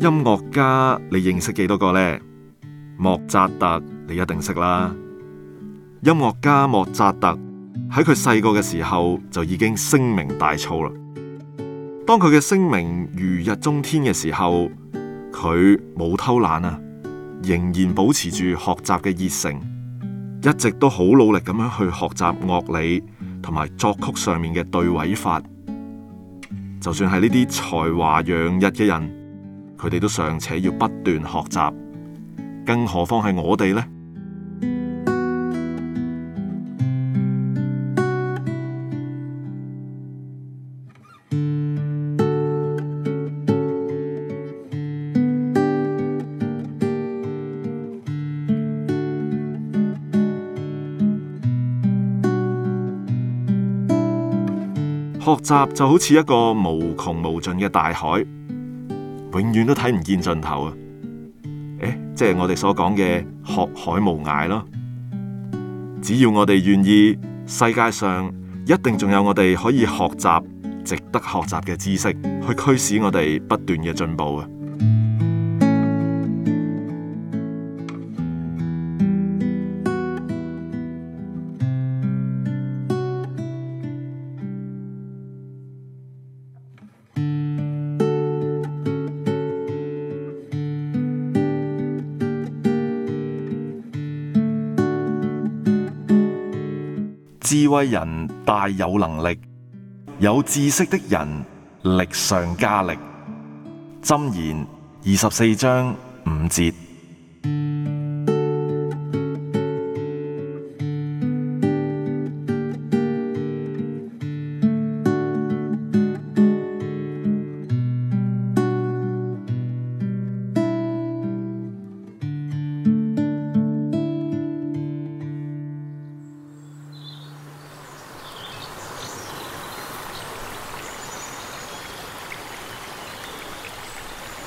音樂家你認識幾多個呢？莫扎特你一定識啦。音樂家莫扎特喺佢細個嘅時候就已經聲名大噪啦。當佢嘅聲名如日中天嘅時候，佢冇偷懶啊，仍然保持住學習嘅熱誠，一直都好努力咁樣去學習樂理同埋作曲上面嘅對位法。就算係呢啲才華洋溢嘅人。佢哋都尚且要不斷學習，更何況係我哋呢？學習就好似一個無窮無盡嘅大海。永遠都睇唔見盡頭啊！誒、欸，即係我哋所講嘅學海無涯咯。只要我哋願意，世界上一定仲有我哋可以學習、值得學習嘅知識，去驅使我哋不斷嘅進步啊！智慧人大有能力，有知識的人力上加力。箴言二十四章五節。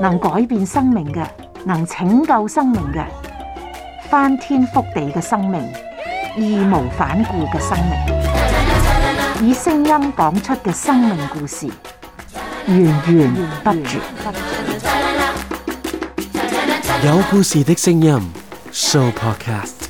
能改變生命嘅，能拯救生命嘅，翻天覆地嘅生命，義無反顧嘅生命，以聲音講出嘅生命故事，源源不絕。有故事的聲音，Show Podcast。